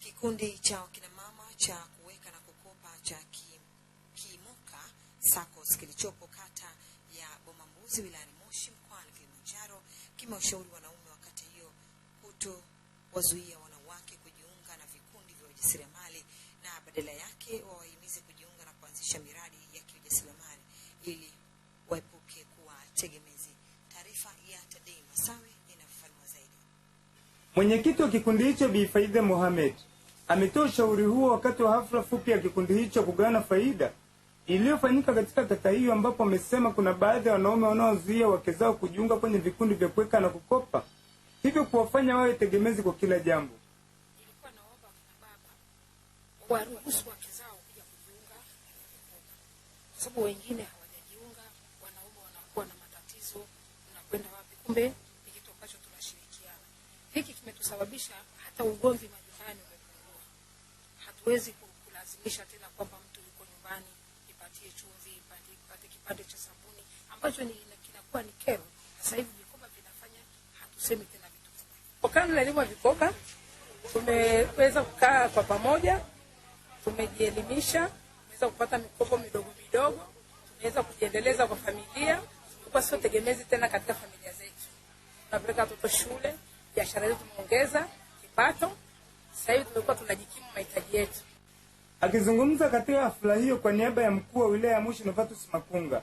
Kikundi cha wakinamama cha kuweka na kukopa cha kimoka SACCOS kilichopo kata ya Bomambuzi wilayani Moshi mkoani Kilimanjaro kimewashauri wanaume wa kata hiyo wazuia wanawake kujiunga na vikundi vya ujasiriamali na badala yake wawahimize kujiunga na kuanzisha miradi ya kiujasiriamali ili waepuke kuwa tegemezi. Taarifa ya Tadei Masawe inafafanua zaidi. Mwenyekiti wa kikundi hicho Bi Faida Mohamed ametoa ushauri huo wakati wa hafla fupi ya kikundi hicho kugawana faida iliyofanyika katika kata hiyo, ambapo amesema kuna baadhi ya wanaume wanaozuia wake zao kujiunga kwenye vikundi vya kuweka na kukopa, hivyo kuwafanya wawe tegemezi kwa kila jambo. Waruhusu wake zao kuja kujiunga, kwa sababu wengine hawajajiunga, wanaume wanakuwa na matatizo, unakwenda wapi? Kumbe ni kitu ambacho tunashirikiana. Hiki kimetusababisha hata ugomvi hatuwezi kulazimisha tena kwamba mtu yuko nyumbani, ipatie chumvi, ipatie kipande cha sabuni ambacho ni, kinakuwa ni kero. Sasa hivi vikoba vinafanya, hatusemi tena vitu. Kwa na elimu ya vikoba tumeweza kukaa kwa pamoja, tumejielimisha, tumeweza kupata mikopo midogo midogo, tumeweza kujiendeleza kwa familia, kwa sio tegemezi tena katika familia zetu. Tunapeleka watoto shule, biashara zetu tumeongeza kipato sasa hivi tumekuwa tunajikimu mahitaji yetu. Akizungumza katika hafla hiyo kwa niaba ya mkuu wa wilaya ya Moshi Novatus Makunga,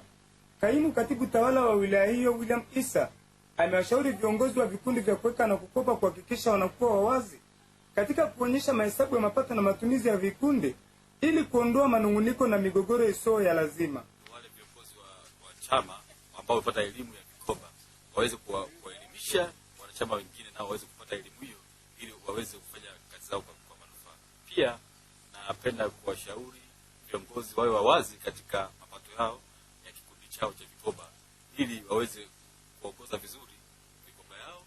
kaimu katibu tawala wa wilaya hiyo William Isa amewashauri viongozi wa vikundi vya kuweka na kukopa kuhakikisha wanakuwa wawazi katika kuonyesha mahesabu ya mapato na matumizi ya vikundi ili kuondoa manunguniko na migogoro isiyo ya lazima. Wale viongozi wa, wa chama ambao wamepata elimu ya vikoba waweze kuwaelimisha wanachama wengine nao waweze kupata elimu hiyo ili waweze Napenda kuwashauri viongozi wawe wawazi katika mapato yao ya kikundi chao cha vikoba ili waweze kuongoza vizuri vikoba yao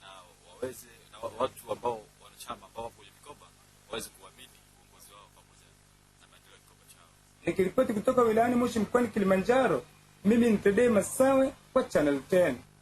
na waweze na watu ambao wanachama ambao wapo kwenye vikoba waweze kuamini uongozi wao pamoja na maendeleo ya kikoba chao. Nikiripoti kutoka wilayani Moshi mkoani Kilimanjaro, mimi ni Tedei Masawe kwa Channel 10.